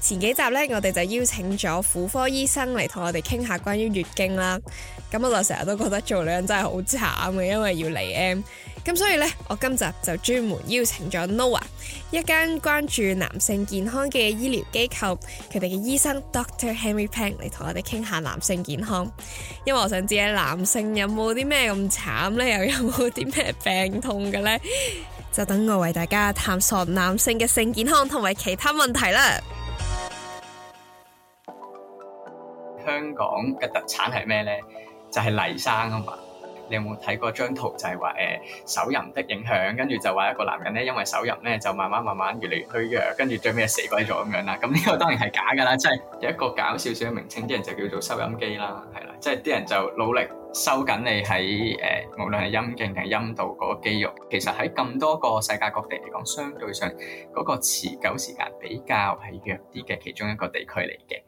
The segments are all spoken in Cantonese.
前幾集呢，我哋就邀請咗婦科醫生嚟同我哋傾下關於月經啦。咁我就成日都覺得做女人真係好慘嘅，因為要嚟 M。咁所以呢，我今集就專門邀請咗 Noah 一間關注男性健康嘅醫療機構，佢哋嘅醫生 Dr. Henry Pang 嚟同我哋傾下男性健康。因為我想知呢，男性有冇啲咩咁慘呢？又有冇啲咩病痛嘅呢？就等我為大家探索男性嘅性健康同埋其他問題啦。香港嘅特產係咩咧？就係黎生啊嘛。你有冇睇過張圖？就係話誒手淫的影響，跟住就話一個男人咧，因為手淫咧就慢慢慢慢越嚟越虛弱，跟住最尾就死鬼咗咁樣啦。咁呢個當然係假㗎啦，即係有一個搞笑少少嘅名稱，啲人就叫做收音機啦，係啦，即係啲人就努力收緊你喺誒，無論係陰莖定陰道嗰個肌肉，其實喺咁多個世界各地嚟講，相對上嗰個持久時間比較係弱啲嘅其中一個地區嚟嘅。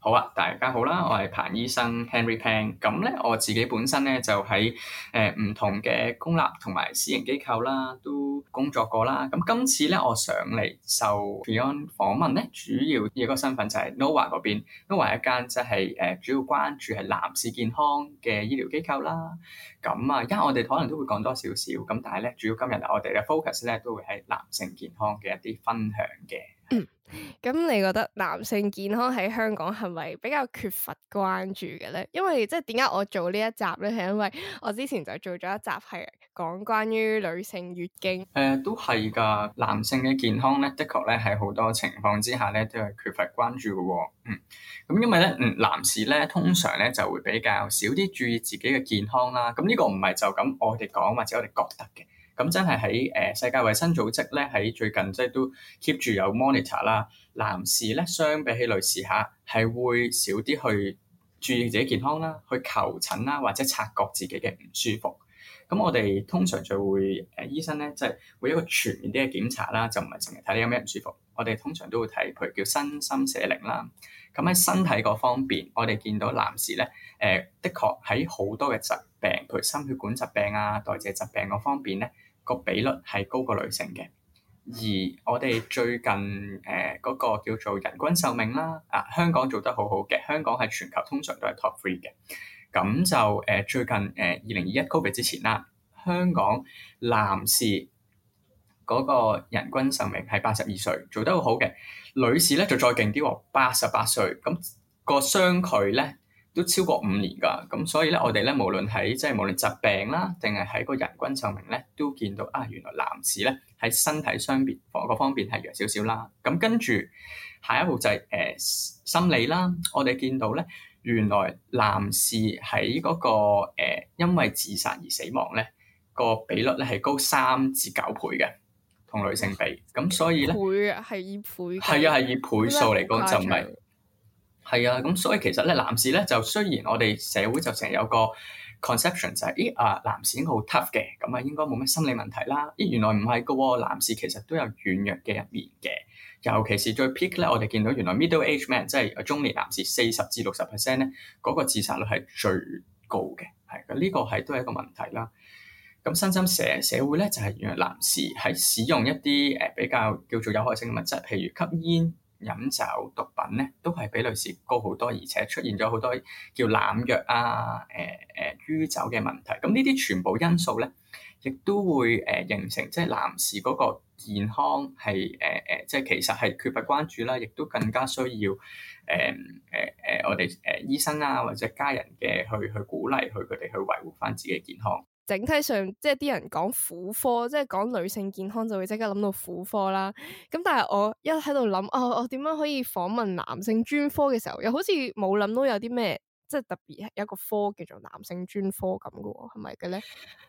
好啊，大家好啦，我係彭醫生 Henry Pang。咁咧，我自己本身咧就喺誒唔同嘅公立同埋私營機構啦，都工作過啦。咁今次咧，我上嚟受 Beyond 訪問咧，主要嘅個身份就係 Noah 嗰邊，Noah 一間即係誒主要關注係男士健康嘅醫療機構啦。咁啊，而家我哋可能都會講多少少。咁但係咧，主要今日我哋嘅 focus 咧都會喺男性健康嘅一啲分享嘅。嗯咁、嗯、你覺得男性健康喺香港係咪比較缺乏關注嘅咧？因為即係點解我做呢一集咧，係因為我之前就做咗一集係講關於女性月經。誒、呃，都係噶，男性嘅健康咧，的確咧喺好多情況之下咧都係缺乏關注嘅、哦。嗯，咁、嗯、因為咧，嗯，男士咧通常咧就會比較少啲注意自己嘅健康啦。咁、嗯、呢、呢個唔係就咁我哋講或者我哋覺得嘅。咁真係喺誒世界衞生組織咧，喺最近即係都 keep 住有 monitor 啦。男士咧相比起女士嚇，係會少啲去注意自己健康啦，去求診啦，或者察覺自己嘅唔舒服。咁我哋通常就會誒、呃、醫生咧，即、就、係、是、會一個全面啲嘅檢查啦，就唔係淨係睇你有咩唔舒服。我哋通常都會睇譬如叫身心社靈啦。咁喺身體嗰方面，我哋見到男士咧誒、呃，的確喺好多嘅疾病，譬如心血管疾病啊、代謝疾病嗰方面咧。個比率係高過女性嘅，而我哋最近誒嗰、呃嗰個叫做人均壽命啦，啊，香港做得好好嘅，香港係全球通常都係 top three 嘅，咁就誒、呃、最近誒二零二一 COVID 之前啦、啊，香港男士嗰個人均壽命係八十二歲，做得好好嘅，女士咧就再勁啲喎，八十八歲，咁、嗰個相距咧，都超過五年㗎，咁所以咧，我哋咧無論喺即係無論疾病啦，定係喺個人均壽命咧，都見到啊，原來男士咧喺身體方面方個方面係弱少少啦。咁跟住下一步就係、是、誒、呃、心理啦，我哋見到咧，原來男士喺嗰、那個、呃、因為自殺而死亡咧個比率咧係高三至九倍嘅，同女性比。咁、啊、所以咧，倍係以倍係啊，係以倍數嚟講就唔係。係啊，咁所以其實咧，男士咧就雖然我哋社會就成日有個 conception 就係、是，咦啊，男士應該好 tough 嘅，咁啊應該冇咩心理問題啦。咦，原來唔係嘅喎，男士其實都有軟弱嘅一面嘅。尤其是最 peak 咧，我哋見到原來 middle aged man 即係中年男士四十至六十 percent 咧，嗰、那個自殺率係最高嘅，係咁呢個係都係一個問題啦。咁新心社社會咧就係、是、原來男士喺使用一啲誒比較叫做有害性嘅物質，譬如吸煙。飲酒、毒品咧，都係比女士高好多，而且出現咗好多叫濫藥啊、誒誒酗酒嘅問題。咁呢啲全部因素咧，亦都會誒、呃、形成即係男士嗰個健康係誒誒，即係其實係缺乏關注啦，亦都更加需要誒誒誒我哋誒醫生啊或者家人嘅去去鼓勵去佢哋去維護翻自己嘅健康。整體上，即係啲人講婦科，即係講女性健康，就會即刻諗到婦科啦。咁但係我一喺度諗，哦，我點樣可以訪問男性專科嘅時候，又好似冇諗到有啲咩，即係特別係一個科叫做男性專科咁嘅喎，係咪嘅咧？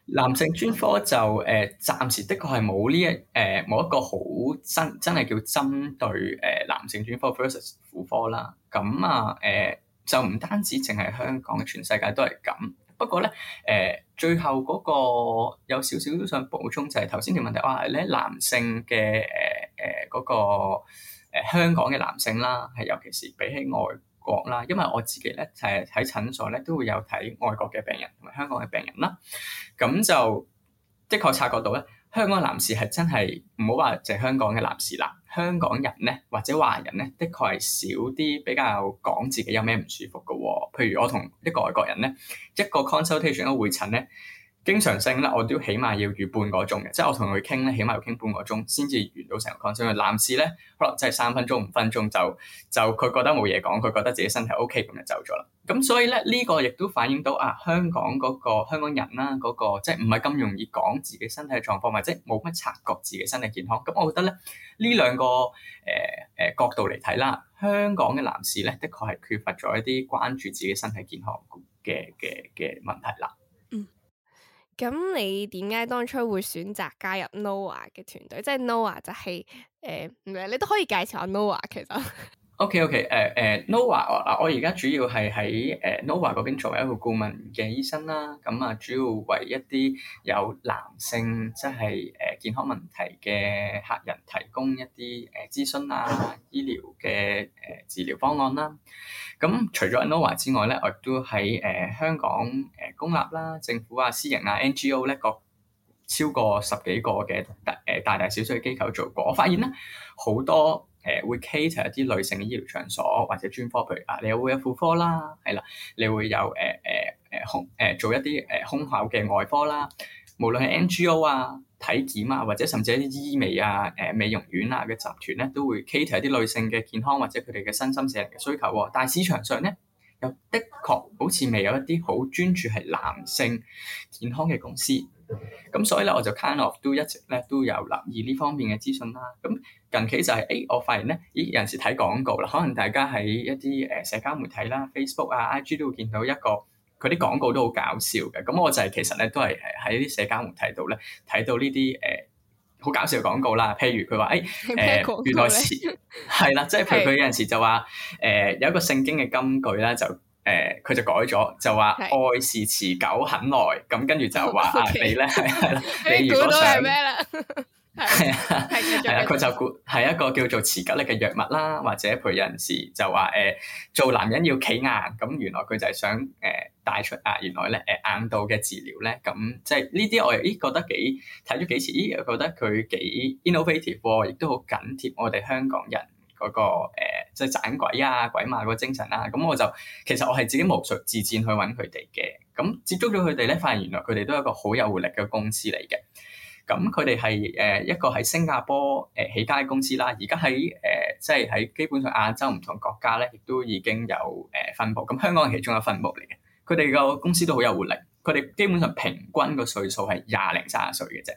男性專科就誒，暫時的確係冇呢一誒，冇一個好真真係叫針對誒男性專科 versus 婦科啦。咁啊，誒、呃、就唔單止淨係香港，全世界都係咁。不過咧，誒、呃、最後嗰個有少少都想補充，就係頭先條問題話係咧，男性嘅誒誒嗰個香港嘅男性啦，係尤其是比起外國啦，因為我自己咧就係喺診所咧都會有睇外國嘅病人同埋香港嘅病人啦，咁就的確察覺到咧。香港嘅男士係真係唔好話就係香港嘅男士啦，香港人咧或者華人咧，的確係少啲比較講自己有咩唔舒服嘅喎、哦。譬如我同一個外國人咧，一個 consultation 一個會診咧。經常性咧，我都起碼要預半個鐘嘅，即係我同佢傾咧，起碼要傾半個鐘先至完到成個 consultation。男士咧，可能真係三分鐘、五分鐘就就佢覺得冇嘢講，佢覺得自己身體 OK 咁就走咗啦。咁所以咧，呢、這個亦都反映到啊，香港嗰、那個香港人啦、啊，嗰、那個即係唔係咁容易講自己身體狀況，或者冇乜察覺自己身體健康。咁我覺得咧，呢兩個誒誒、呃呃、角度嚟睇啦，香港嘅男士咧，的確係缺乏咗一啲關注自己身體健康嘅嘅嘅問題啦。嗯。咁你點解當初會選擇加入 Noah 嘅團隊？即係 Noah 就係、是、誒、唔係就是呃，你都可以介紹下 Noah 其實。 O.K.O.K. 誒誒 Noah 我而家主要係喺誒 Noah 嗰邊作為一個顧問嘅醫生啦，咁、uh, 啊主要為一啲有男性即係誒健康問題嘅客人提供一啲誒、uh, 諮詢啊、uh, 醫療嘅誒、uh, 治療方案啦。咁、uh, 除咗 Noah、AH、之外咧，我亦都喺誒、uh, 香港誒、uh, 公立啦、政府啊、私營啊、NGO 咧、啊、各超過十幾個嘅誒大、uh, 大大小小嘅機構做過。我發現咧好多。誒會 cater 一啲女性嘅醫療場所或者專科，譬如啊，你會有婦科啦，係、呃、啦，你會有誒誒誒空誒做一啲誒、呃、空口嘅外科啦。無論係 NGO 啊、體檢啊，或者甚至一啲醫美啊、誒、呃、美容院啊嘅集團咧，都會 cater 一啲女性嘅健康或者佢哋嘅身心社靈嘅需求、啊。但係市場上咧，又的確好似未有一啲好專注係男性健康嘅公司。咁所以咧，我就 kind of 都一直咧都有留意呢方面嘅資訊啦。咁近期就係、是、A、欸、我發現咧，咦有陣時睇廣告啦，可能大家喺一啲誒社交媒體啦、Facebook 啊、IG 都會見到一個佢啲廣告都好搞笑嘅。咁我就係其實咧都係喺啲社交媒體度咧睇到呢啲誒好搞笑嘅廣告啦。譬如佢話誒誒，哎呃、 原來是係啦，即係譬如佢有陣時就話誒、呃、有一個聖經嘅金句咧就。誒佢、欸、就改咗，就話愛是持久很耐，咁跟住就話啊你咧係係啦，Okay. 你如果想咩啦係啊係佢就係一個叫做持久力嘅藥物啦，或者有陣時就話誒、欸、做男人要企硬，咁原來佢就係想誒、呃、帶出啊原來咧誒、呃、硬度嘅治療咧，咁即係呢啲我咦覺得幾睇咗幾次，咦又覺得佢幾 innovative，亦都好緊貼我哋香港人嗰、那個、呃嗯即係盞鬼啊、鬼馬嗰個精神啦、啊，咁、嗯、我就其實我係自己毛遂自薦去揾佢哋嘅，咁、嗯、接觸咗佢哋咧，發現原來佢哋都係一個好有活力嘅公司嚟嘅。咁佢哋係誒一個喺新加坡誒、呃、起家嘅公司啦，而家喺誒即係喺基本上亞洲唔同國家咧，亦都已經有誒、呃、分佈。咁、嗯、香港係其中一分佈嚟嘅。佢哋個公司都好有活力，佢哋基本上平均個歲數係廿零三十歲嘅啫。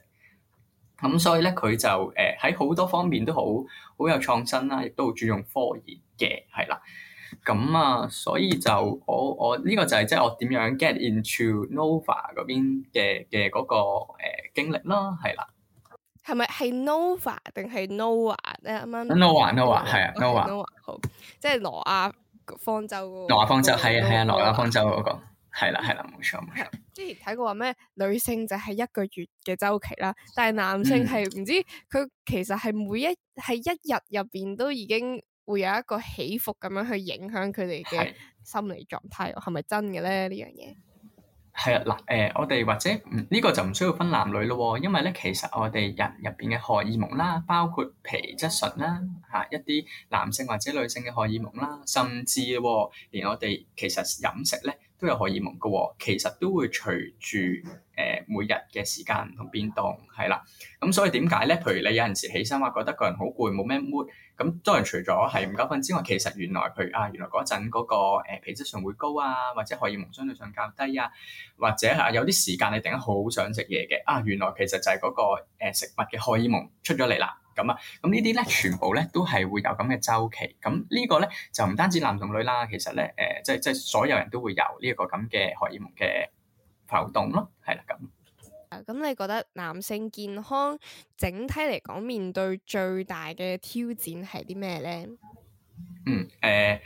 咁、嗯、所以咧，佢就誒喺好多方面都好好有創新啦，亦都好注重科研嘅，係啦、啊。咁啊，所以就我我呢個就係即係我點樣 get into Nova 嗰邊嘅嘅嗰個誒經歷啦，係啦、啊。係咪係 Nova 定係 Noah 咧？啱啱。Noah，Noah 係啊，Noah。好，即係羅亞方舟。羅亞方舟係啊係啊，羅亞方舟嗰個。係啦，係啦，冇錯冇錯。之前睇過話咩女性就係一個月嘅周期啦，但係男性係唔、嗯、知佢其實係每一係一日入邊都已經會有一個起伏咁樣去影響佢哋嘅心理狀態，係咪的真嘅咧？呢樣嘢係啊嗱，誒、呃，我哋或者呢、嗯這個就唔需要分男女咯、哦，因為咧其實我哋人入邊嘅荷爾蒙啦，包括皮質醇啦，吓、啊、一啲男性或者女性嘅荷爾蒙啦，甚至連我哋其實飲食咧。都有荷爾蒙噶，其實都會隨住誒每日嘅時間唔同變動係啦。咁、嗯、所以點解咧？譬如你有陣時起身話覺得個人好攰，冇咩 mood，咁、嗯、當然除咗係唔夠瞓之外，其實原來佢啊原來嗰陣嗰個、呃、皮質上會高啊，或者荷爾蒙相對上較低啊，或者係有啲時間你突然間好想食嘢嘅啊，原來其實就係嗰、嗰個、呃、食物嘅荷爾蒙出咗嚟啦。咁啊，咁呢啲咧，全部咧都係會有咁嘅周期。咁呢個咧就唔單止男同女啦，其實咧誒、呃，即即所有人都會有呢一個咁嘅荷爾蒙嘅浮動咯，係啦咁。咁、啊、你覺得男性健康整體嚟講，面對最大嘅挑戰係啲咩咧？嗯，誒、呃，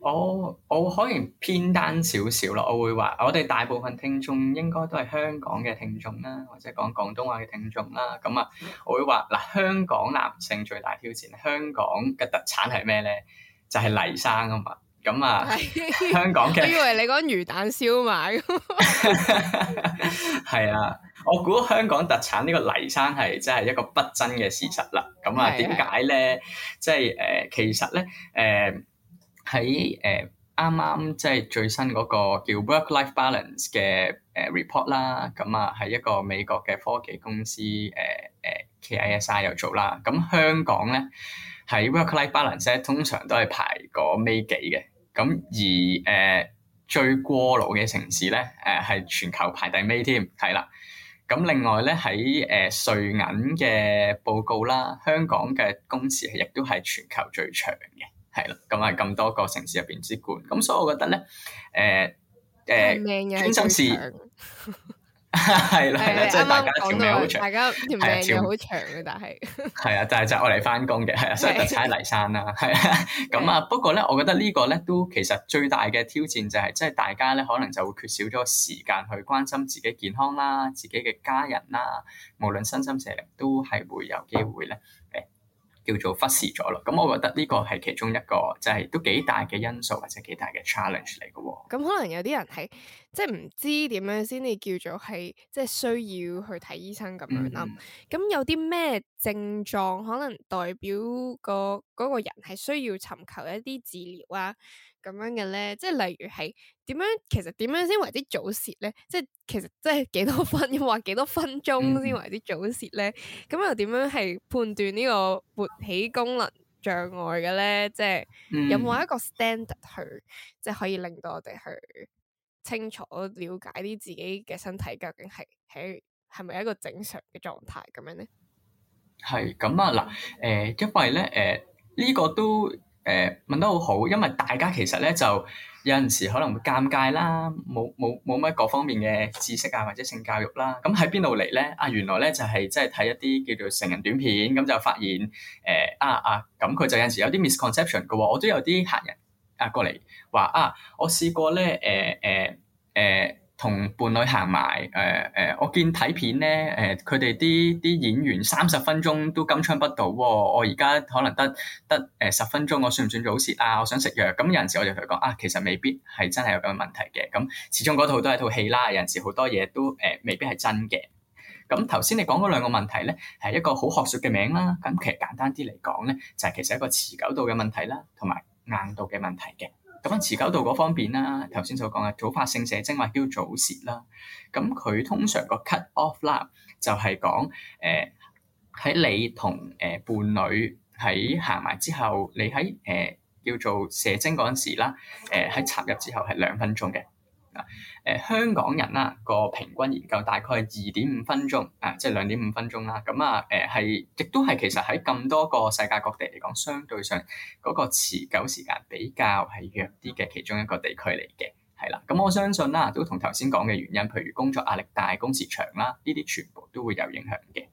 我我可能偏單少少咯，我會話，我哋大部分聽眾應該都係香港嘅聽眾啦，或者講廣東話嘅聽眾啦，咁啊，我會話嗱、呃，香港男性最大挑戰，香港嘅特產係咩呢？就係、是、泥生啊嘛，咁啊， 哎、香港嘅我以為你講魚蛋燒賣，係 啊。我估香港特產呢個泥山係真係一個不爭嘅事實啦。咁啊，點解咧？即係誒，其實咧誒喺誒啱啱即係最新嗰個叫 Work Life Balance 嘅誒 report 啦。咁、呃、啊，喺一個美國嘅科技公司誒誒、呃呃、K I S I 又做啦。咁、呃、香港咧喺 Work Life Balance 呢通常都係排個尾幾嘅。咁而誒、呃、最過勞嘅城市咧誒係全球排第尾添，係啦。咁另外咧喺誒瑞銀嘅報告啦，香港嘅工時係亦都係全球最長嘅，係啦。咁喺咁多個城市入邊之冠。咁所以我覺得咧，誒、呃、誒，呃、專心是。 係啦，係啦 的，即係的大家條命好長，大家條命好長嘅，但係係啊，但係的 就係我嚟翻工嘅，係啊，所以出踩黎山啦，係啊，咁啊，不過咧，我覺得個呢個咧都其實最大嘅挑戰就係、是、即、就、係、是、大家咧可能就會缺少咗時間去關心自己健康啦，自己嘅家人啦，無論身心社靈都係會有機會咧，誒。叫做忽視咗咯，咁我覺得呢個係其中一個，就係、係、都幾大嘅因素或者幾大嘅 challenge 嚟嘅、哦。咁可能有啲人係即係唔知點樣先至叫做係即係需要去睇醫生咁樣啦。咁、嗯、有啲咩症狀可能代表個嗰個人係需要尋求一啲治療啊？咁樣嘅咧即係例如係點樣，其實點樣先為之早洩咧？即係其實即係幾多分，或幾多分鐘先為之早洩咧？咁、嗯、又點樣係判斷呢個勃起功能障礙嘅咧？即係、嗯、有冇一個 standard 去，即係可以令到我哋去清楚了解啲自己嘅身體究竟係喺係咪一個正常嘅狀態咁樣咧？係咁啊，嗱，誒、呃，因為咧，誒、呃，呢、這個都。誒問得好好，因為大家其實咧就有陣時可能會尷尬啦，冇冇冇乜各方面嘅知識啊，或者性教育啦，咁喺邊度嚟咧？啊，原來咧就係即係睇一啲叫做成人短片，咁就發現誒啊、呃、啊，咁、啊、佢就有陣時有啲 misconception 嘅喎，我都有啲客人啊過嚟話啊，我試過咧誒誒誒。呃呃呃同伴侶行埋誒誒、呃，我見睇片咧誒，佢哋啲啲演員三十分鐘都金槍不倒喎。我而家可能得得誒十分鐘，我算唔算早洩啊？我想食藥咁、嗯、有陣時，我就同佢講啊，其實未必係真係有咁嘅問題嘅。咁、嗯、始終嗰套都係套戲啦，有陣時好多嘢都誒、呃、未必係真嘅。咁頭先你講嗰兩個問題咧，係一個好學術嘅名啦。咁、嗯、其實簡單啲嚟講咧，就係、是、其實一個持久度嘅問題啦，同埋硬度嘅問題嘅。咁持久度嗰方面啦，頭先所講嘅早發性射精或叫早洩啦，咁佢通常個 cut off lab 啦，就係講誒喺你同誒、呃、伴侶喺行埋之後，你喺誒、呃、叫做射精嗰陣時啦，誒、呃、喺插入之後係兩分鐘嘅。誒、呃、香港人啦個平均研究大概二點五分鐘，啊即係兩點五分鐘啦。咁啊誒係，亦、呃、都係其實喺咁多個世界各地嚟講，相對上嗰個持久時間比較係弱啲嘅其中一個地區嚟嘅，係啦。咁我相信啦、啊，都同頭先講嘅原因，譬如工作壓力大、工時長啦，呢啲全部都會有影響嘅。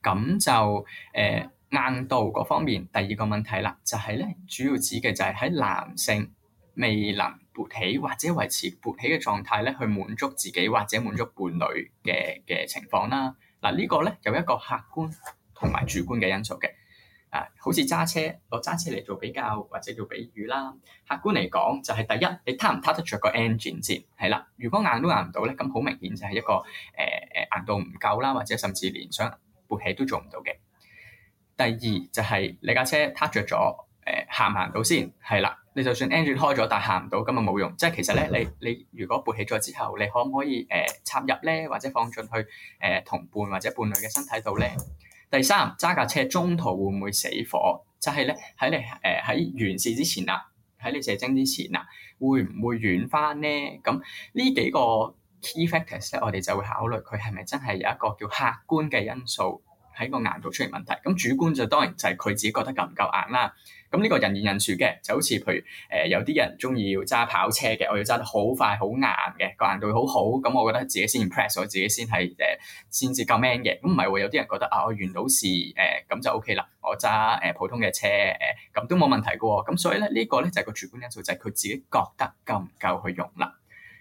咁就誒、呃、硬度嗰方面，第二個問題啦，就係、是、咧主要指嘅就係喺男性未能。勃起或者維持勃起嘅狀態咧，去滿足自己或者滿足伴侶嘅嘅情況啦。嗱、這個，呢個咧有一個客觀同埋主觀嘅因素嘅。啊，好似揸車攞揸車嚟做比較或者做比喻啦。客觀嚟講，就係第一，你剎唔剎得着個 engine 先，係啦。如果硬都硬唔到咧，咁好明顯就係一個誒誒、呃、硬度唔夠啦，或者甚至連想勃起都做唔到嘅。第二就係、是、你架車剎着咗，誒、呃、行唔行到先，係啦。你就算 engine 開咗，但係行唔到，咁啊冇用。即係其實咧，你你如果勃起咗之後，你可唔可以誒、呃、插入咧，或者放進去誒、呃、同伴或者伴侶嘅身體度咧？第三，揸架車中途會唔會死火？就係咧喺你誒喺完事之前啊，喺你射精之前啊，會唔會軟翻咧？咁呢幾個 key factors 咧，我哋就會考慮佢係咪真係有一個叫客觀嘅因素。喺個硬度出現問題，咁主觀就當然就係佢自己覺得夠唔夠硬啦。咁呢個人言人殊嘅就好似譬如誒、呃、有啲人中意要揸跑車嘅，我要揸得好快、好硬嘅，個硬度好好，咁我覺得自己先 impress 我自己先係誒先至夠 man 嘅。咁唔係會有啲人覺得啊、呃呃 OK，我原到是誒咁就 OK 啦，我揸誒普通嘅車誒咁、呃、都冇問題嘅喎、哦。咁所以咧呢、這個咧就係個主觀因素，就係、是、佢自己覺得夠唔夠去用啦。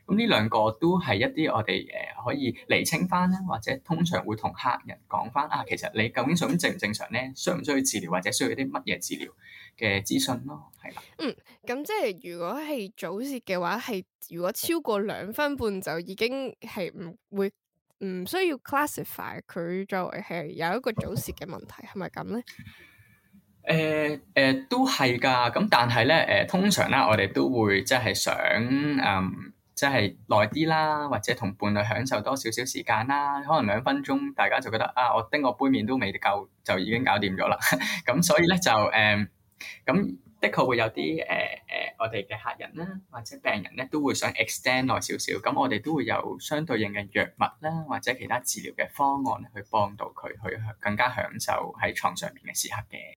咁呢兩個都係一啲我哋誒可以釐清翻啦，或者通常會同客人講翻啊。其實你究竟想正唔正常咧？需唔需要治療，或者需要啲乜嘢治療嘅資訊咯？係啦，嗯，咁即係如果係早泄嘅話，係如果超過兩分半就已經係唔會唔需要 classify 佢作為係有一個早泄嘅問題，係咪咁咧？誒誒，都係㗎。咁但係咧誒，通常咧我哋都會即係想嗯。即係耐啲啦，或者同伴侶享受多少少時間啦。可能兩分鐘，大家就覺得啊，我叮個杯麵都未夠，就已經搞掂咗啦。咁、 嗯、所以咧就誒咁、嗯嗯、的確會有啲誒誒，我哋嘅客人啦，或者病人咧，都會想 extend 耐少少。咁我哋都會有相對應嘅藥物啦，或者其他治療嘅方案去幫到佢去更加享受喺床上面嘅時刻嘅。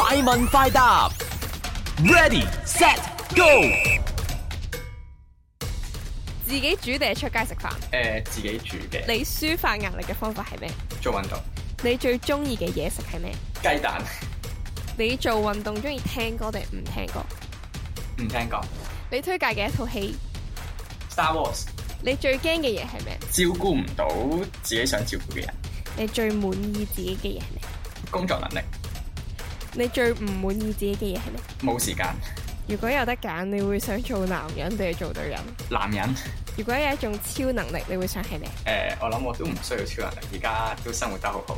快問快答，Ready Set Go。自己煮定係出街食飯？誒，自己煮嘅。你抒發壓力嘅方法係咩？做運動。你最中意嘅嘢食係咩？雞蛋。你做運動中意聽歌定唔聽歌？唔聽歌。你推介嘅一套戲？Star Wars。你最驚嘅嘢係咩？照顧唔到自己想照顧嘅人。你最滿意自己嘅嘢係咩？工作能力。你最唔滿意自己嘅嘢係咩？冇時間。如果有得揀，你會想做男人定係做女人？男人。如果有一種超能力，你會想係咩？誒、呃，我諗我都唔需要超能力，而家都生活得好好。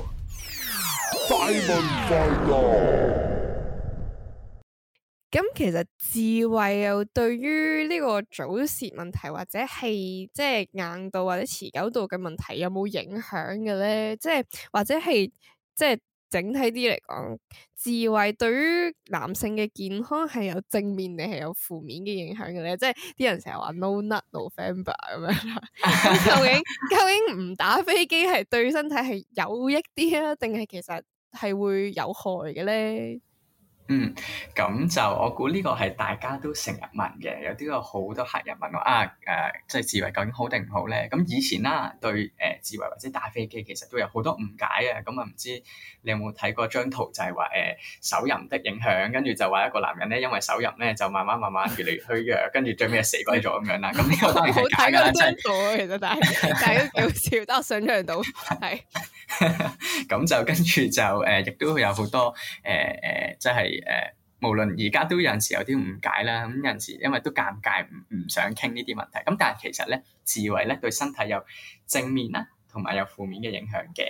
快問快答。咁其實自慰又對於呢個早泄問題或者係即係硬度或者持久度嘅問題有冇影響嘅咧？即係或者係即係。就是整體啲嚟講，自慰對於男性嘅健康係有正面定係有負面嘅影響嘅咧？即係啲人成日話 No Nut November 咁樣啦。 究竟究竟唔打飛機係對身體係有益啲啊，定係其實係會有害嘅咧？嗯，咁就我估呢個係大家都成日問嘅，有啲個好多客人問我啊，誒、啊，即係自慰究竟好定唔好咧？咁以前啦、啊，對誒自慰或者打飛機其實都有好多誤解啊。咁、嗯、啊，唔知你有冇睇過張圖、就是，就係話誒手淫的影響，跟住就話一個男人咧，因為手淫咧，就慢慢慢慢越嚟越虛弱，跟住 最尾死鬼咗咁樣啦。咁呢個都好睇嗰張圖啊，其實大家但都笑，得我想象到係。咁 就跟住就誒，亦都有好多誒誒，即係。 誒，無論而家，都有陣時有啲誤解啦，咁有陣時因為都尷尬，唔唔想傾呢啲問題。咁但係其實咧，自慰咧對身體有正面啦，同埋有負面嘅影響嘅。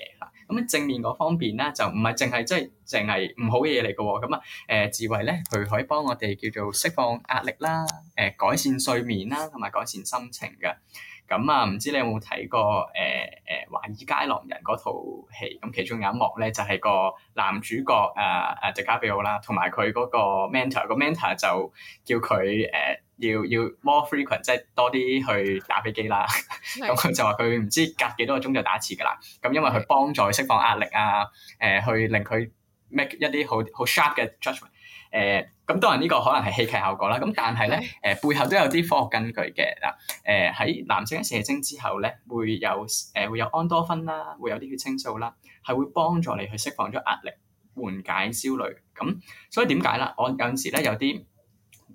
咁正面嗰方面咧，就唔係淨係即係淨係唔好嘅嘢嚟噶。咁啊，誒，自慰咧，佢可以幫我哋叫做釋放壓力啦，誒、呃，改善睡眠啦，同埋改善心情噶。咁啊，唔、嗯、知你有冇睇過誒誒、呃呃《華爾街狼人》嗰套戲？咁其中有一幕咧，就係、是、個男主角誒誒、呃呃、迪卡比奧啦，同埋佢嗰個 mentor 個 mentor 就叫佢誒要要 more frequent，即係多啲去打飛機啦。咁佢就話佢唔知隔幾多個鐘就打一次噶啦。咁、嗯、因為佢幫助釋放壓力啊，誒、呃、去令佢 make 一啲好好 sharp 嘅 judgment。誒咁、嗯、當然呢個可能係戲劇效果啦，咁但係咧誒背後都有啲科學根據嘅。嗱誒，喺男性射精之後咧，會有誒、呃、會有安多酚啦，會有啲血清素啦，係會幫助你去釋放咗壓力，緩解焦慮。咁、嗯、所以點解啦？我有陣時咧有啲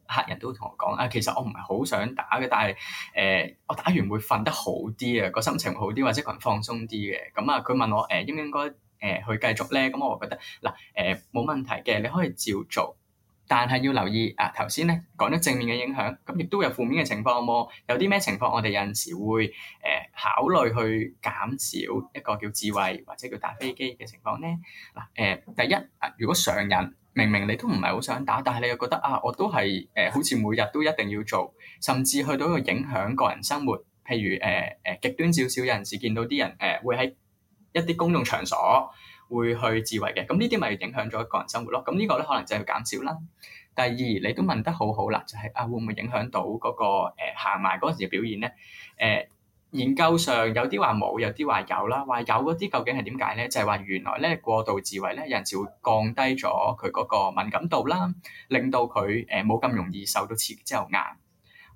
客人都同我講啊，其實我唔係好想打嘅，但係誒、呃、我打完會瞓得好啲啊，個心情好啲或者個人放鬆啲嘅。咁啊佢問我誒、呃、應唔、呃、應該誒去、呃呃呃、繼續咧？咁、嗯、我覺得嗱誒，冇問題嘅，你可以照做。呃 uden 但係要留意啊，頭先咧講咗正面嘅影響，咁亦都有負面嘅情況喎。有啲咩情況？我哋有陣時會誒、呃、考慮去減少一個叫智慧或者叫打飛機嘅情況咧。嗱、啊、誒、呃，第一啊，如果上癮，明明你都唔係好想打，但係你又覺得啊，我都係誒、呃，好似每日都一定要做，甚至去到一個影響個人生活，譬如誒誒極端少少，有陣時見到啲人誒、呃、會喺一啲公共場所，會去自慰嘅，咁呢啲咪影響咗個人生活咯。咁、這、呢個咧可能就係減少啦。第二，你都問得好好啦，就係啊，會唔會影響到嗰、那個行埋嗰陣時嘅表現咧？誒、呃、研究上有啲話冇，有啲話有啦。話有嗰啲究竟係點解咧？就係、是、話原來咧過度自慰咧，有陣時會降低咗佢嗰個敏感度啦，令到佢誒冇咁容易受到刺激之後硬，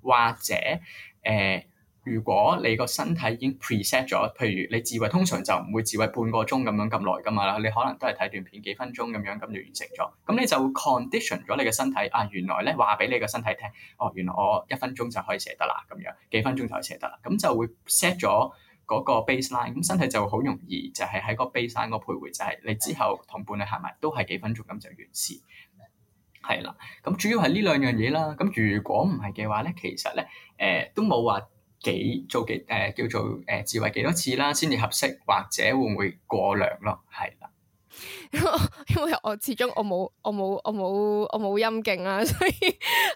或者誒。呃如果你個身體已經 preset 咗，譬如你自慰，通常就唔會自慰半個鐘咁樣咁耐㗎嘛啦，你可能都係睇段片幾分鐘咁樣，咁就完成咗。咁你就 condition 咗你個身體，啊原來咧話俾你個身體聽，哦原來我一分鐘就可以寫得啦，咁樣幾分鐘就可以寫得啦，咁就會 set 咗嗰個 baseline，咁身體就好容易就係喺個 baseline 個徘徊，就係、是、你之後同伴侶行埋都係幾分鐘咁就完事，係啦。咁主要係呢兩樣嘢啦。咁如果唔係嘅話咧，其實咧誒、呃、都冇話。幾做幾誒、呃、叫做誒自慰幾多次啦，先至合適，或者會唔會過量咯？係啦， 因為我始終我冇我冇我冇我冇陰莖啦，所以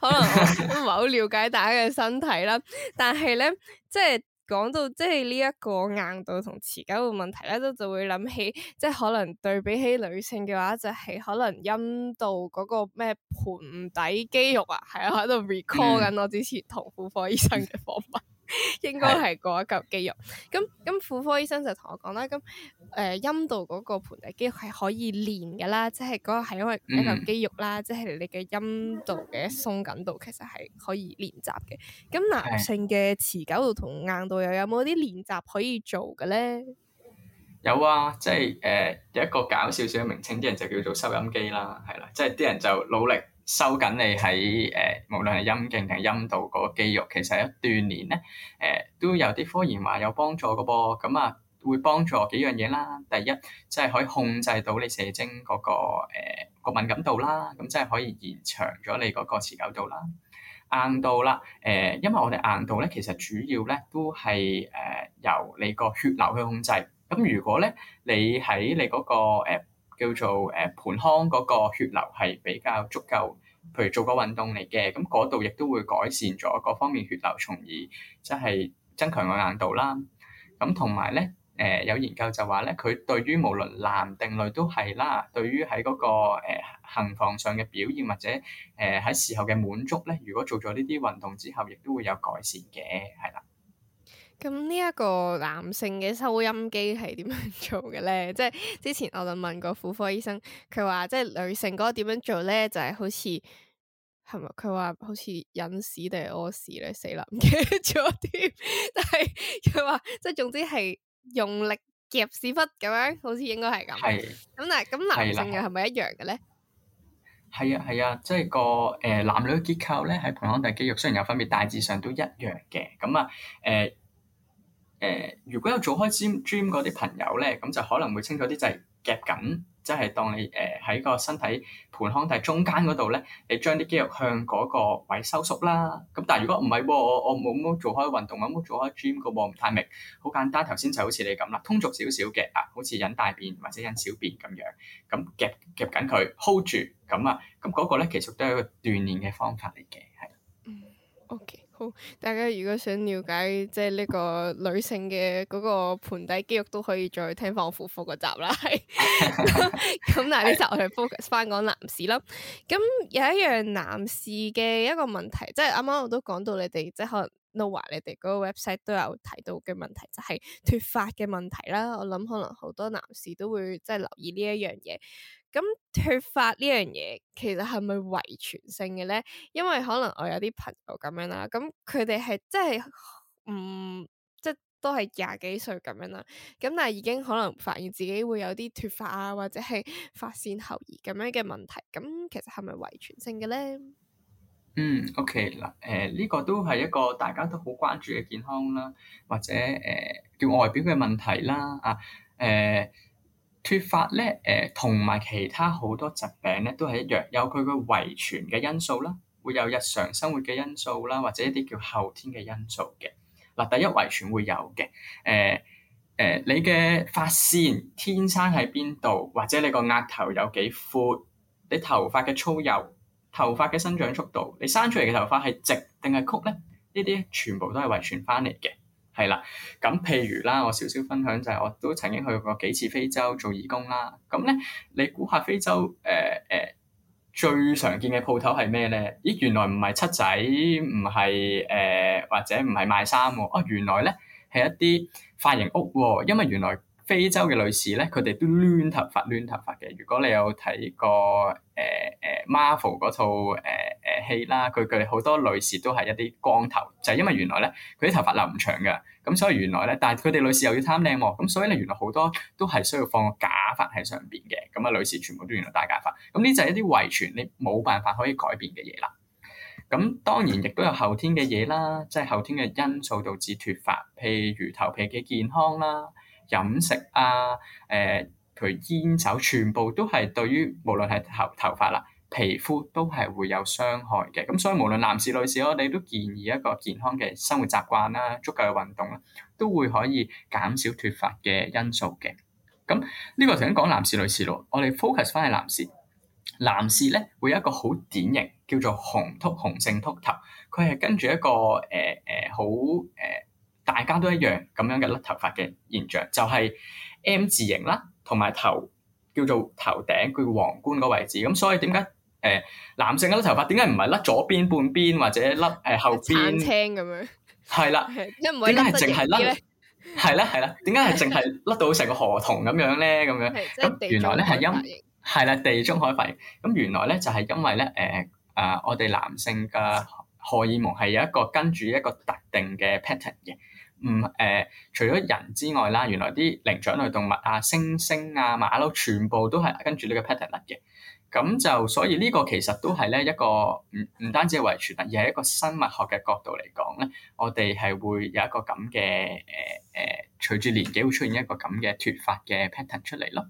可能我唔係好了解大家嘅身體啦。 但係咧，即係講到即係呢一個硬度同持久嘅問題咧，都就會諗起，即係可能對比起女性嘅話，就係、是、可能陰道嗰個咩盆底肌肉啊，係啊喺度 recall 緊我之前同婦科醫生嘅訪問。 應該係嗰一嚿肌肉，咁咁婦科醫生就同我講啦，咁誒陰道嗰個盆底肌肉係可以練噶啦，即係嗰個係因為一嚿肌肉啦，即係、嗯、你嘅陰道嘅鬆緊度其實係可以練習嘅。咁男性嘅持久度同硬度又有冇啲練習可以做嘅咧？有啊，即係誒有一個搞笑少少嘅名稱，啲人就叫做收音機啦，係啦，即係啲人就努力。收緊你喺誒、呃，無論係陰莖定陰道嗰個肌肉，其實一鍛鍊咧，誒、呃、都有啲科研話有幫助嘅噃。咁、嗯、啊，會幫助幾樣嘢啦。第一，即、就、係、是、可以控制到你射精嗰、那個誒、呃那個、敏感度啦。咁即係可以延長咗你嗰個持久度啦、硬度啦。誒、呃，因為我哋硬度咧，其實主要咧都係誒由你個血流去控制。咁如果咧你喺你嗰、那個、呃叫做誒盆腔嗰個血流係比較足夠，譬如做個運動嚟嘅，咁嗰度亦都會改善咗各方面血流，從而即係增強個硬度啦。咁同埋咧誒有研究就話咧，佢對於無論男定女都係啦，對於喺嗰、那個、呃、行房上嘅表現或者誒喺、呃、時候嘅滿足咧，如果做咗呢啲運動之後，亦都會有改善嘅，係啦。咁呢一個男性嘅收音機係點樣做嘅咧？即係之前我就問過婦科醫生，佢話即係女性嗰個點樣做咧，就係、是、好似係咪？佢話好似忍屎定係屙屎咧，死啦！唔記得咗添。 但係佢話即係總之係用力夾屎忽咁樣，好似應該係咁。係咁，但係咁男性嘅係咪一樣嘅咧？係啊係啊，即係個誒、呃、男女結構咧，喺盆腔底肌肉雖然有分別，大致上都一樣嘅。咁啊誒。呃呃誒、呃，如果有做開 gym gym 嗰啲朋友咧，咁就可能會清楚啲，就係夾緊，即、就、係、是、當你誒喺、呃、個身體盆腔底中間嗰度咧，你將啲肌肉向嗰個位收縮啦。咁但係如果唔係、喔，我我冇冇做開運動，冇冇做開 gym 嘅，我唔太明。好簡單，頭先就好似你咁啦，通俗少少嘅，啊，好似引大便或者引小便咁樣，咁夾夾緊佢 hold 住，咁啊，咁嗰個咧其實都係一個鍛煉嘅方法嚟嘅，係。嗯，OK。大家如果想了解即係呢個女性嘅嗰個盆底肌肉都可以再聽翻婦科個集啦，係咁，嗱，呢集我哋 focus 翻講男士啦。咁有一樣男士嘅一個問題，即係啱啱我都講到你哋即係可能。Noah，你哋嗰個 website 都有提到嘅問題，就係脫髮嘅問題啦。我諗可能好多男士都會即係留意呢一樣嘢。咁脫髮呢樣嘢，其實係咪遺傳性嘅咧？因為可能我有啲朋友咁樣啦，咁佢哋係即係唔、嗯、即都係廿幾歲咁樣啦。咁但係已經可能發現自己會有啲脫髮啊，或者係髮線後移咁樣嘅問題。咁其實係咪遺傳性嘅咧？嗯，OK 嗱、呃，誒，呢個都係一個大家都好關注嘅健康啦，或者誒、呃、叫外表嘅問題啦，啊，誒、呃、脫髮咧，誒同埋其他好多疾病咧都係一樣，有佢嘅遺傳嘅因素啦，會有日常生活嘅因素啦，或者一啲叫後天嘅因素嘅嗱、呃，第一遺傳會有嘅，誒、呃、誒、呃，你嘅髮線天生喺邊度，或者你個額頭有幾闊，你頭髮嘅粗幼。頭髮嘅生長速度，你生出嚟嘅頭髮係直定係曲咧？呢啲全部都係遺傳翻嚟嘅，係啦。咁譬如啦，我少少分享就係，我都曾經去過幾次非洲做義工啦。咁咧，你估下非洲誒誒、呃呃、最常見嘅鋪頭係咩咧？咦，原來唔係七仔，唔係誒或者唔係賣衫喎啊，啊，原來咧係一啲髮型屋喎、啊，因為原來。非洲嘅女士咧，佢哋都攣頭髮，攣頭髮嘅。如果你有睇過誒誒 Marvel 嗰套誒誒戲啦，佢佢好多女士都係一啲光頭，就係因為原來咧佢啲頭髮留唔長嘅。咁所以原來咧，但係佢哋女士又要貪靚喎，咁所以咧原來好多都係需要放個假髮喺上邊嘅。咁啊，女士全部都原來戴假髮。咁呢就係一啲遺傳你冇辦法可以改變嘅嘢啦。咁當然亦都有後天嘅嘢啦，即係後天嘅因素導致脫髮，譬如頭皮嘅健康啦。飲食啊，誒、呃，譬如煙酒，全部都係對於無論係頭頭髮啦、啊、皮膚都係會有傷害嘅。咁所以無論男士女士，我哋都建議一個健康嘅生活習慣啦、啊，足夠嘅運動啦、啊，都會可以減少脫髮嘅因素嘅。咁呢個頭先講男士女士咯，我哋 focus 翻係男士。男士咧會有一個好典型叫做雄禿、雄性禿頭，佢係跟住一個誒誒好誒。呃呃大家都一樣咁樣嘅甩頭髮嘅現象，就係 M 字形啦，同埋頭叫做頭頂佢皇冠個位置。咁所以點解誒男性嘅甩頭髮點解唔係甩左邊半邊或者甩誒後邊？產青咁樣係啦。點解係淨係甩咧？係咧係啦。點解係淨係甩到成個河童咁樣咧？咁樣咁原來咧係因係啦地中海反應，咁原來咧就係因為咧誒啊！我哋男性嘅荷爾蒙係有一個跟住一個特定嘅 pattern 嘅。唔誒、嗯呃，除咗人之外啦，原來啲靈長類動物啊、猩猩啊、馬騮，全部都係跟住呢個 pattern 嘅。咁就所以呢個其實都係咧一個唔唔單止係遺傳啊，而係一個生物學嘅角度嚟講咧，我哋係會有一個咁嘅誒誒，隨、呃、住、呃、年紀會出現一個咁嘅脫髮嘅 pattern 出嚟咯。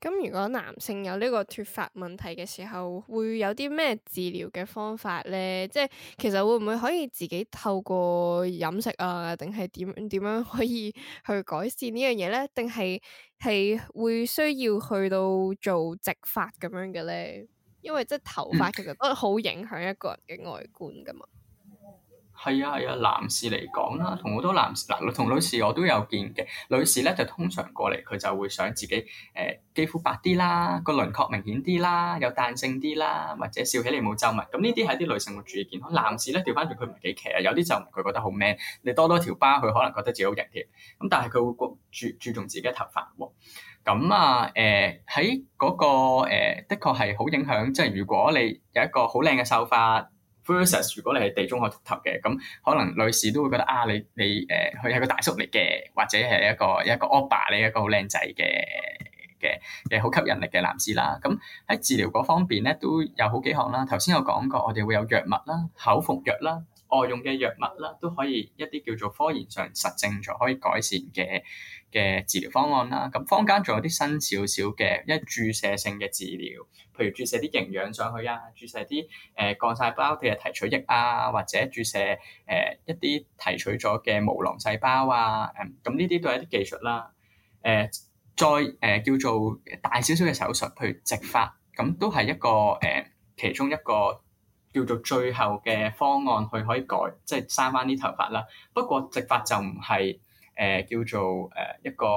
咁如果男性有呢個脫髮問題嘅時候，會有啲咩治療嘅方法咧？即係其實會唔會可以自己透過飲食啊，定係點點樣可以去改善呢樣嘢咧？定係係會需要去到做植髮咁樣嘅咧？因為即係頭髮其實都好影響一個人嘅外觀噶嘛。係啊係啊，男士嚟講啦，同好多男士嗱，同女士我都有見嘅。女士咧就通常過嚟，佢就會想自己誒肌膚白啲啦，個輪廓明顯啲啦，有彈性啲啦，或者笑起嚟冇皺紋。咁呢啲係啲女性會注意健康。男士咧，調翻轉佢唔係幾騎啊，有啲皺紋佢覺得好 man，你多多條疤佢可能覺得自己好型嘅。咁但係佢會注注重自己嘅頭髮喎。咁啊誒喺嗰個誒，的確係好影響。即係，如果你有一個好靚嘅秀髮。versus 如果你係地中海禿頭嘅，咁可能女士都會覺得啊，你你誒佢係個大叔嚟嘅，或者係一個一個歐巴，你一個好靚仔嘅嘅嘅好吸引力嘅男士啦。咁喺治療嗰方面咧都有好幾項啦。頭先有講過，我哋會有藥物啦，口服藥啦。外用嘅藥物啦，都可以一啲叫做科研上實證咗可以改善嘅嘅治療方案啦。咁坊間仲有啲新少少嘅，一注射性嘅治療，譬如注射啲營養上去啊，注射啲誒、呃、幹細胞嘅提取液啊，或者注射誒、呃、一啲提取咗嘅毛囊細胞啊。誒、嗯，咁呢啲都係一啲技術啦。誒、呃，再誒、呃、叫做大少少嘅手術，譬如植髮，咁都係一個誒、呃、其中一個。叫做最後嘅方案，佢可以改，即係生翻啲頭髮啦。不過植髮就唔係誒叫做誒、呃、一個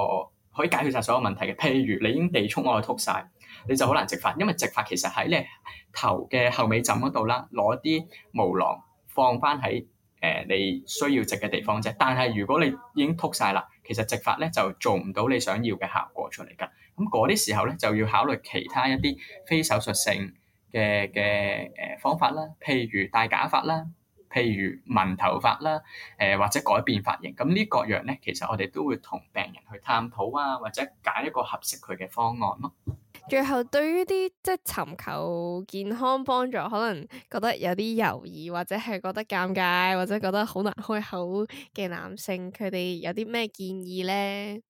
可以解決晒所有問題嘅。譬如你已經地冲我外禿晒，你就好難植髮，因為植髮其實喺你頭嘅後尾枕嗰度啦，攞啲毛囊放翻喺誒你需要植嘅地方啫。但係如果你已經禿晒啦，其實植髮咧就做唔到你想要嘅效果出嚟㗎。咁嗰啲時候咧就要考慮其他一啲非手術性嘅嘅誒方法啦，譬如戴假髮啦，譬如紋頭髮啦，誒、呃、或者改變髮型，咁呢各樣咧，其實我哋都會同病人去探討啊，或者揀一個合適佢嘅方案咯、啊。最後，對於啲即係尋求健康幫助，可能覺得有啲猶豫，或者係覺得尷尬，或者覺得好難開口嘅男性，佢哋有啲咩建議咧？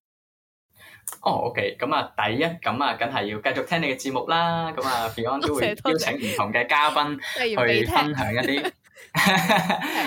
哦、oh，OK，咁啊，第一咁啊，梗係要繼續聽你嘅節目啦。咁啊，Beyond 都會邀請唔同嘅嘉賓去分享一啲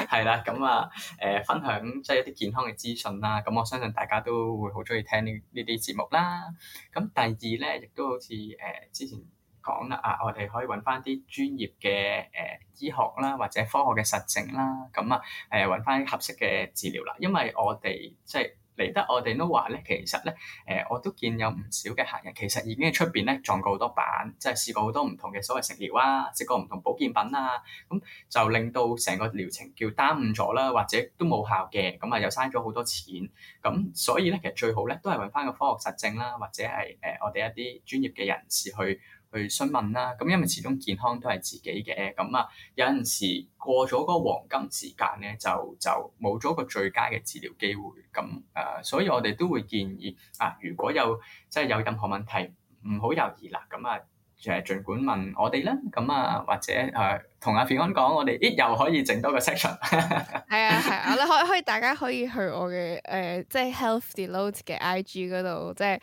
係啦。咁啊， 誒、呃，分享即係一啲健康嘅資訊啦。咁我相信大家都會好中意聽呢呢啲節目啦。咁第二咧，亦都好似誒、呃、之前講啦，啊，我哋可以揾翻啲專業嘅誒、呃、醫學啦，或者科學嘅實證啦。咁啊，誒、呃，揾翻合適嘅治療啦。因為我哋即係。嚟得我哋 Noah 咧，其實咧誒，我都見有唔少嘅客人其實已經喺出邊咧撞過好多板，即係試過好多唔同嘅所謂食療啊，食過唔同保健品啊，咁就令到成個療程叫耽誤咗啦，或者都冇效嘅，咁啊又嘥咗好多錢。咁所以咧，其實最好咧都係搵返個科學實證啦，或者係誒我哋一啲專業嘅人士去。去詢問啦，咁因為始終健康都係自己嘅，咁啊，有陣時過咗個黃金時間咧，就就冇咗個最佳嘅治療機會，咁誒、呃，所以我哋都會建議啊，如果有即係、就是、有任何問題，唔好猶豫啦，咁啊。就係儘管問我哋啦，咁啊或者誒同、呃、阿平安講，我哋咦又可以整多個 section。係啊係啊，咧可、啊、可以，可以大家可以去我嘅誒即係 Health Deload 嘅 IG 嗰度，即係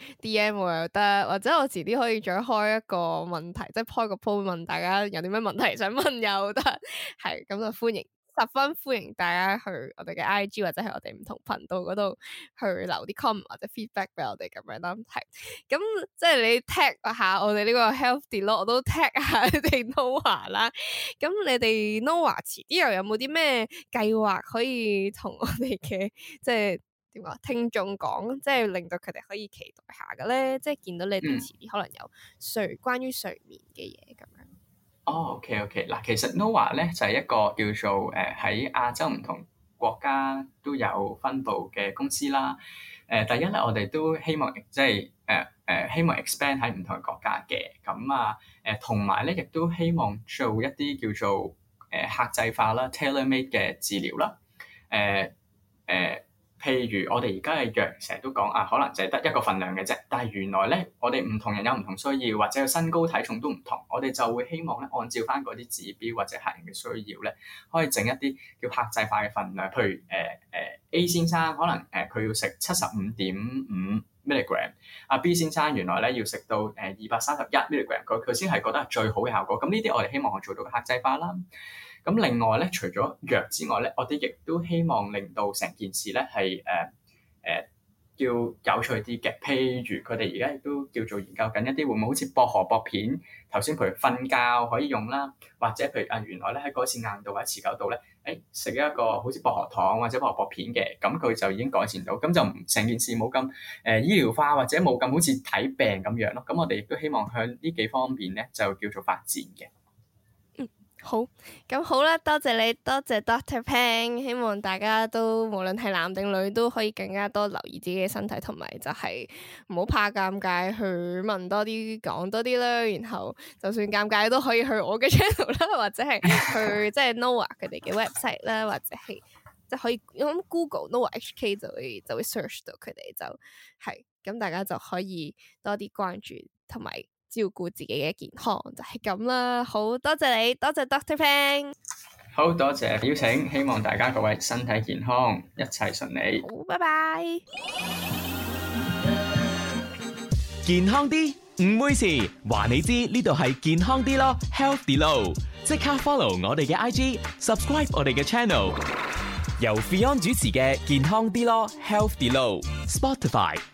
DM 我又得，或者我遲啲可以再開一個問題，即係 po 個 post 問大家有啲咩問題想問又得，係咁、啊、就歡迎。十分歡迎大家去我哋嘅 IG 或者係我哋唔同頻道嗰度去留啲 comment 或者 feedback 俾我哋咁樣啦，係咁即係你 tag 下我哋呢個 healthy 咯，我都 tag 下你哋 Noah、ah、啦。咁你哋 Noah 遲啲又有冇啲咩計劃可以同我哋嘅即係點講聽眾講，即係令到佢哋可以期待下嘅咧？即係見到你哋遲啲可能有睡關於睡眠嘅嘢咁樣。哦，OK，OK，嗱，oh, okay, okay. 其實 Noah 咧就係、是、一個叫做誒喺、呃、亞洲唔同國家都有分部嘅公司啦。誒、呃，第一咧，我哋都希望即係誒誒希望 expand 喺唔同嘅國家嘅，咁啊誒，同埋咧亦都希望做一啲叫做誒、呃、客製化啦 ，tailor-made 嘅治療啦，誒、呃、誒。呃譬如我哋而家嘅藥，成日都講啊，可能淨係得一個份量嘅啫。但係原來咧，我哋唔同人有唔同需要，或者個身高體重都唔同，我哋就會希望咧，按照翻嗰啲指標或者客人嘅需要咧，可以整一啲叫客製化嘅份量。譬如誒誒、呃呃、A 先生可能誒佢、呃、要食七十五點五 milligram，阿 B 先生原來咧要食到誒二百三十一 milligram，佢佢先係覺得係最好嘅效果。咁呢啲我哋希望我做到客製化啦。咁另外咧，除咗藥之外咧，我哋亦都希望令到成件事咧係誒誒叫有趣啲嘅。譬如佢哋而家亦都叫做研究緊一啲，會唔會好似薄荷薄片頭先，譬如瞓覺可以用啦，或者譬如啊，原來咧喺嗰次硬度或者持久度咧，誒食一個好似薄荷糖或者薄荷薄片嘅，咁佢就已經改善到，咁就唔成件事冇咁誒醫療化，或者冇咁好似睇病咁樣咯。咁我哋亦都希望向呢幾方面咧，就叫做發展嘅。好咁好啦，多謝你，多謝 Dr. Pang，希望大家都無論係男定女都可以更加多留意自己嘅身體，同埋就係唔好怕尷尬去問多啲，講多啲啦。然後就算尷尬都可以去我嘅 channel 啦，或者係去 即係 Noah 佢哋嘅 website 啦，或者係即係可以，我諗 Google Noah HK 就會就會 search 到佢哋，就係咁大家就可以多啲關注，同埋。照顧自己嘅健康就係咁啦，好多謝你，多謝 Dr. Pang，好多謝邀請，希望大家各位身體健康，一切順利，好，拜拜。健康啲唔會事，話你知呢度係健康啲咯，Health Delo，即刻 follow 我哋嘅 IG，subscribe 我哋嘅 channel，由 Fion 主持嘅健康啲咯，Health Delo，Spotify。